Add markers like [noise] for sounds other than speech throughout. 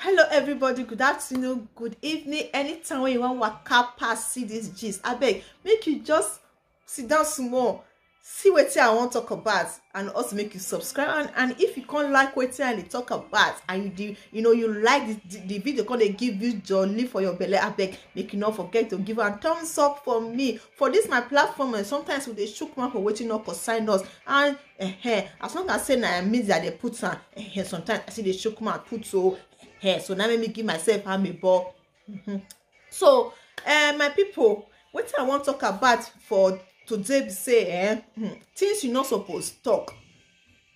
hello everybody good afternoon good evening anytime when you wan waka pass see this gist abeg make you just sit down small see wetin i wan talk about and also make you subscribe and and if you come like wetin i dey talk about and you dey you know you like the the, the video come dey give you jolly for your belle abeg make you no forget to give am thumbs up for me for this my platform and eh, sometimes we dey chook mouth for wetin no concern us and eh, eh, as long as say na media dey put am eh, eh, sometimes i still dey chook mouth put o hair so now let me give myself am a ball mm-hmm. so uh, my people wetin i wan talk about for today be say eh, hmm, things you no suppose talk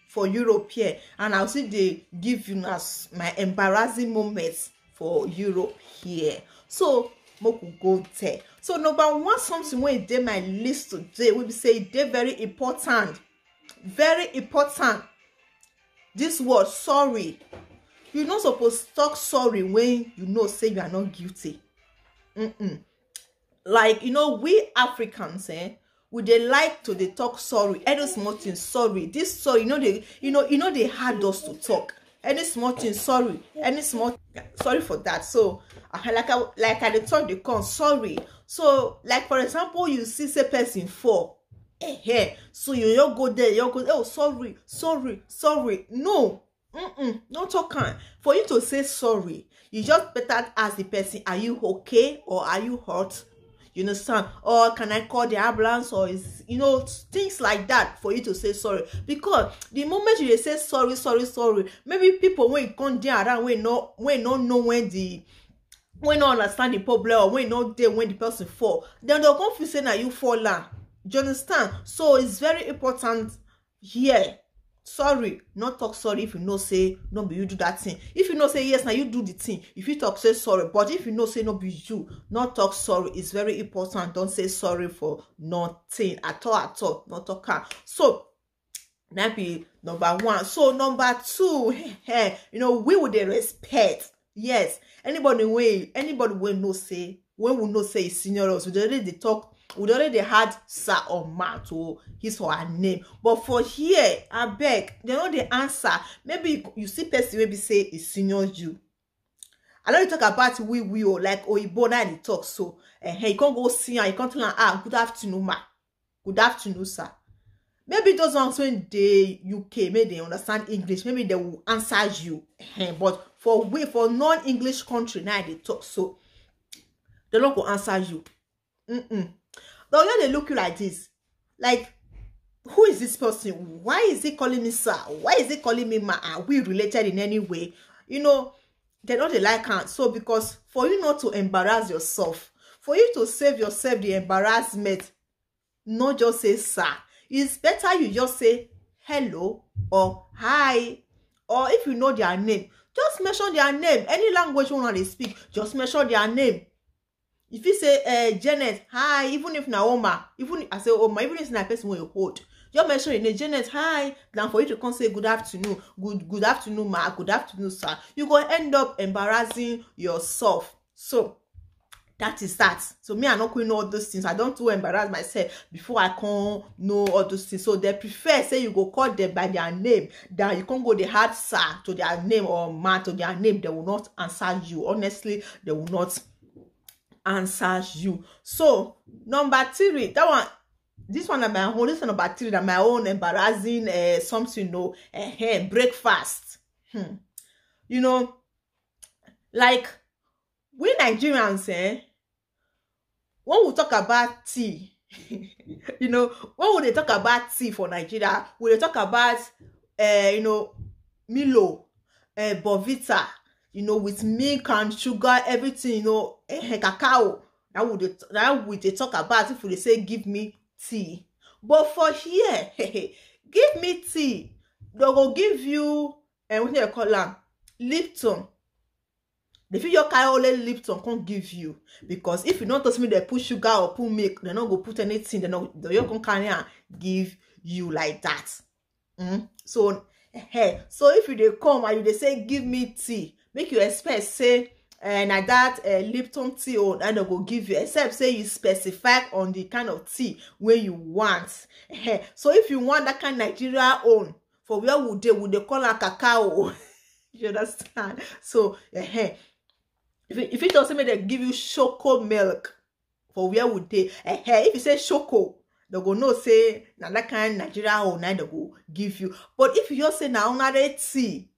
for europe here and i still dey give you una my embarrassing moments for europe here so make we go there so number one something wey e dey my list today wey be say e dey very important very important this word sorry you no suppose talk sorry when you know say you are not guilty Mm-mm. like you know we africans eh we dey like to dey talk sorry any small thing sorry this sorry you no know, dey you know e no dey hard us to talk any small thing sorry any small sorry for that so like i like i dey talk dey come sorry so like for example you see say person fall eh eh so you yo go there you go oh sorry sorry sorry no Mm-mm, no talk am for you to say sorry you just better ask the person are you okay or are you hurt you understand or can i call the ambulance or is you know things like that for you to say sorry because the moment you dey say sorry sorry sorry maybe people wey come dey around wey no wey no know when the wey no understand the problem or wey no dey when the person fall dem dey come feel say na you fall am you understand so it's very important here sorry no talk sorry if you know say no be you do that thing if you know say yes now you do the thing if you talk say sorry but if you know say no be you no talk sorry it's very important Don't say sorry for nothing at all at all Not talk can. so that be number one so number two [laughs] eh, you know we would respect yes anybody wey anybody will know say when we know say e we already talk we don already had sir or ma to his or her name but for here I beg, dem know the answer maybe you, see person maybe say e senior you i know you talk about we we o like oyibo na dey talk so Hey, you can't go see am you come tell am ah good afternoon ma good afternoon sir maybe those ones wey dey uk Maybe they understand english maybe they will answer you eh, but for we for non english country now they talk so dem no go answer you. Mm -mm. The Oyo dey look you like this. Like, who is this person? Why is he calling me sir? Why is he calling me ma? Are we related in any way? You know, they don't dey like am. So because for you not to embarrass yourself, for you to save yourself the embarrassment, not just say sir. It's better you just say hello or hi or if you know their name, just mention their name. Any language you wan dey speak, just mention their name you fit say uh, janet hi even if na oma even i say oma even if na person wey you hold just make sure you name janet hi na for you to come say good afternoon good good afternoon ma good afternoon sir you go end up embarrassing yourself so that is that so me i no quick know all those things i don too embarrass myself before i come know all those things so they prefer say you go call them by their name than you come go dey add sir to their name or ma to their name they will not answer you honestly they will not answers you. So number three, that one this one na my own this one number three that my own embarrassing uh, something no uh, hey, breakfast hmm. you know like we nigerians eh, when we talk about tea [laughs] you know when would they talk about tea for nigeria we dey talk about uh, you know milo uh, bovita you know with milk and sugar everything you know eh, cacao that would that would they talk about if they say give me tea but for here [laughs] give me tea they will give you And eh, what they call am lipton If you your carry only lipton can't give you because if you don't trust me they put sugar or put milk they not go put anything they not. they just come carry give you like that mm? so hey. Eh, eh. so if you they come and you they say give me tea make you expect say uh, na that uh, lipton tea o na dem go give you except say you specify on the kind of tea wey you want so if you want that kind of nigeria own for where we dey we dey call am cacao [laughs] you understand so uh, -huh. if you if you talk say make dem give you choco milk for where we dey uh, -huh. if you say choco they go know say na that kind of nigeria own na dem go give you but if you just say na ordinary tea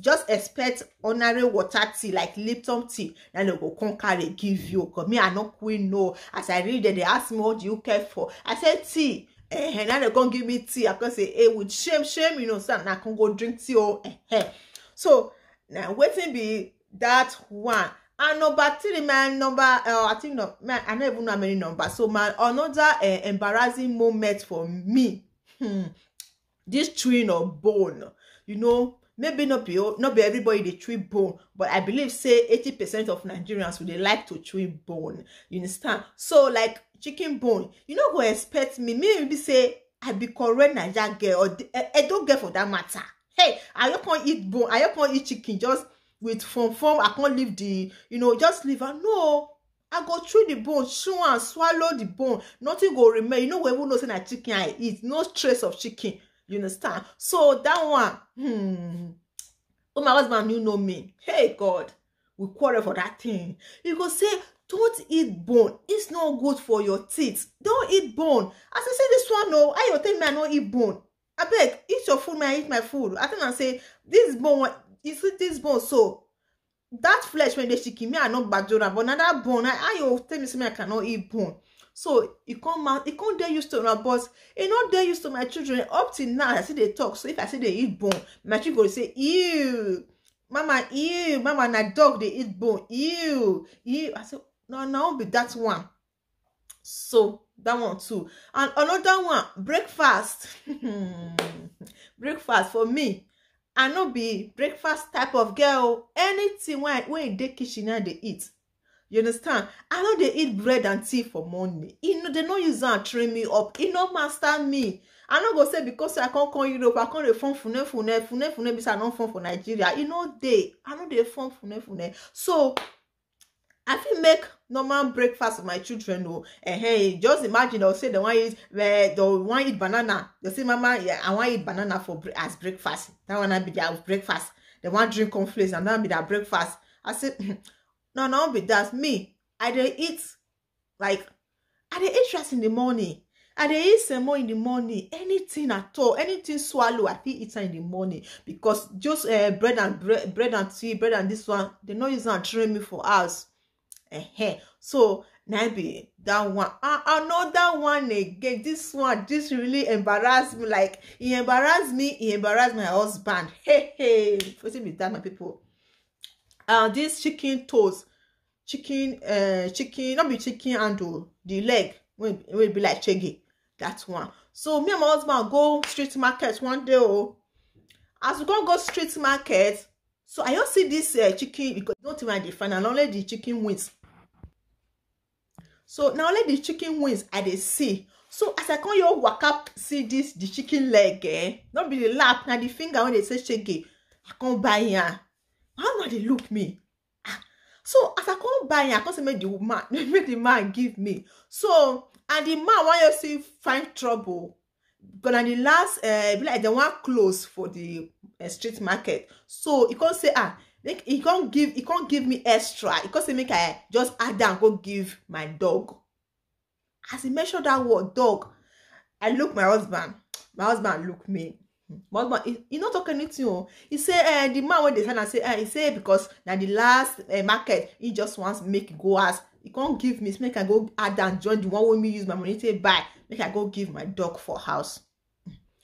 just expect ordinary water tea like lipton tea na dem go come carry give you Cause me i no quick know as i read dem dey ask me what do you care for i say tea eh na dem come give me tea i come say eh with shame shame you know so na come go drink tea o oh, eh so na wetin be that one and number three my number uh, i think no, my, i no even know how many numbers so my another uh, embarrassing moment for me hmm, this chewing of bone you know maybe not be not be everybody dey chew bone but i believe say eighty percent of nigerians would like to chew bone you understand so like chicken bone you no go expect me maybe say i be correct naija girl or e, edo girl for that matter hey i just can't eat bone i just can't eat chicken just with form form i can't leave the you know just leave am no i go chew the bone chew am swallow the bone nothing go remain you no know, go even know say na chicken i eat no trace of chicken You understand? So that one, hmm. Oh, my husband, you know me. Hey, God, we quarrel for that thing. You go say, don't eat bone. It's not good for your teeth. Don't eat bone. As I say this one, no, I tell me I don't eat bone. I beg, eat your food, man, I eat my food. I think I say, this bone, is see this bone, so that flesh when they shiki me, I know bajora, but now that bone, I, I tell me, say, I cannot eat bone so e come out e come dey used to una but e no dey used to my children up till now i still dey talk so if i still dey eat bone my children go say ew mama ew mama na dog dey eat bone ew ew i say no na no be that one so that one too and another one breakfast [laughs] breakfast for me i no be breakfast type of girl anything wey i wey dey kitchen i dey eat you understand i no dey eat bread and tea for morning e no dey no use am train me up e no master me i no go say because i come come europe i come dey form funefune funefune fune, fune, be i don form for nigeria e no dey i no dey form funefune fune. so i fit make normal breakfast for my children o oh. eh, hey, just imagine they'll say they want eat well, eh, they want eat banana they say mama yeah, i want eat banana for as breakfast that one be their breakfast they want drink cornflakes and that be their breakfast i say hmm no no be that me i dey eat like i dey eat rice in the morning i dey eat semo in the morning anything at all anything swallow i fit eat am in the morning because just uh, bread and bre bread and tea bread and this one dem no use am train me for house uh -huh. so na be that one ah another one again this one this really embarrass me like e embarrass me e embarrass my husband hey hey wetin be that my people uh, this chicken toes chicken uh, chicken not be chicken handle the leg will will be like shege that one so me and my husband go street market one day Oh, as we go go street market so i just see this uh, chicken because no thing i dey only the chicken wings so now let the chicken wings i dey see so as i come your up see this the chicken leg eh not be the lap Now the finger when they say shege i come buy am how now they look me ah, so as i come buy i come say make the man [laughs] make the man give me so and the man wan you see find trouble but na the last uh, be like dem wan close for the uh, street market so he can't say ah make e come give he can't give me extra He can't say make i just add down go give my dog as e mention that word dog i look my husband my husband look me but but he, he no talk anything o he say eh, the man wey dey sign am say eh, he say because na the last eh, market he just wan make go house he come give me make i go add am join the one wey me use my money take buy make i go give my dog for house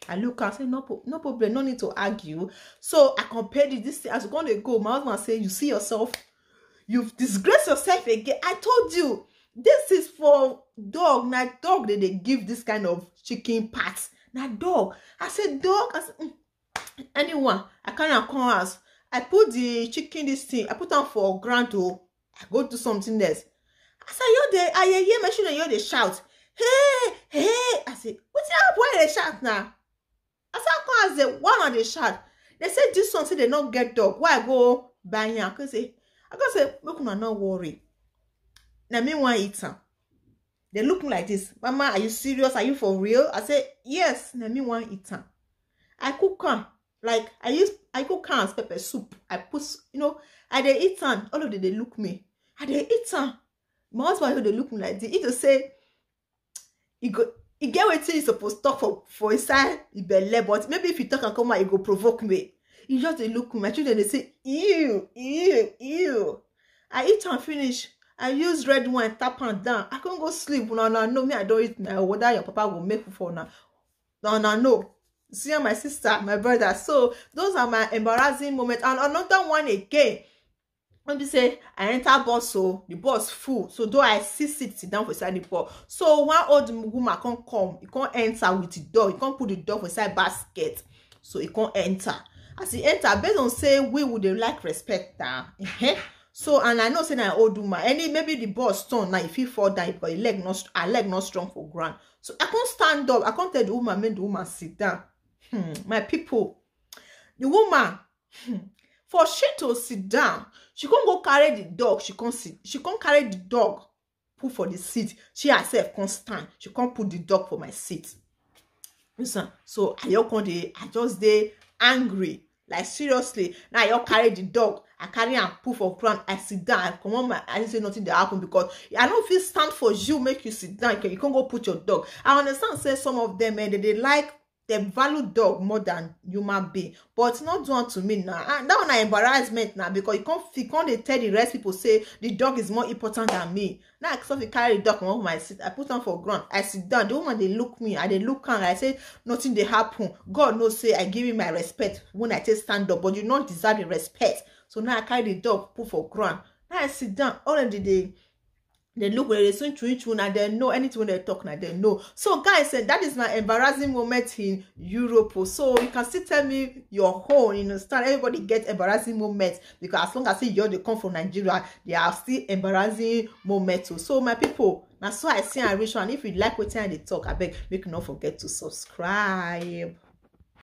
i look am say no, no problem no need to argue so i compare this thing as we come dey go my husband say you see yourself you disgrace yourself again i told you this is for dog na dog dey dey give this kind of chicken part na dog i say dog i say mm, anyone i carry am come house i put the chicken this thing i put am for ground o i go do something else as i hear the i hear hear my children hear dey shout hey hey i say wetin happen why you dey shout na as i come house dey one and dey shout dey say this one say dey no get dog why i go buy am i go say i go say make una no worry na me wan eat am they look like this mama are you serious are you for real i say yes na me wan eat am i cook am like i use i cook am as pepper soup i put you know i dey eat am all of them dey look me i dey eat am my husband wey dey look me like this he dey say he go e get wetin you suppose talk for for inside e belle but maybe if you talk am come out e go provoke me e just dey look me my children dey say ew ew ew i eat am finish i use red wine tap and down i can't go sleep No no no. me i don't eat now. whether your papa will make for now. No no no. see my sister my brother so those are my embarrassing moments and another one again when be say i enter bus o the bus full so do i see sit sit down for inside the bus so one old woman can't come e can't enter with the door. e can't put the door for inside basket so e can't enter as he enter based on say we would like respect that so and i know say na old woman any maybe the boss turn na e fit fall die but her leg not her leg not strong for ground so i come stand up i come tell the woman make the woman sit down hmm, my people the woman hmm, for she to sit down she come go carry the dog she come sit she come carry the dog put for the seat she herself come stand she come put the dog for my seat listen so i just come dey i just dey angry like seriously na i just carry the dog i carry am put for ground i sit down i on, my didn't say nothing dey happen because i no fit stand for you make you sit down you can't go put your dog i understand say some of them, eh they dey like dem value dog more than human being but not do to me now. and that one I embarrassment now because you can't, you can't. dey tell the rest people say the dog is more important than me now i you carry the dog come on, my seat i put am for ground i sit down the woman they look me i they look am i say nothing They happen god knows. say i give you my respect when i take stand up but you no deserve the respect so now i carry the dog put for ground now i sit down all of the day they look where they listen to each one and they know anything when they talk now they know so guys uh, that is my embarrassing moment in europe oh. so you can still tell me your own you understand everybody get embarrassing moments because as long as you they come from nigeria they are still embarrassing moments oh. so my people na so i see and reach and if you like what i dey talk abeg make you not forget to subscribe.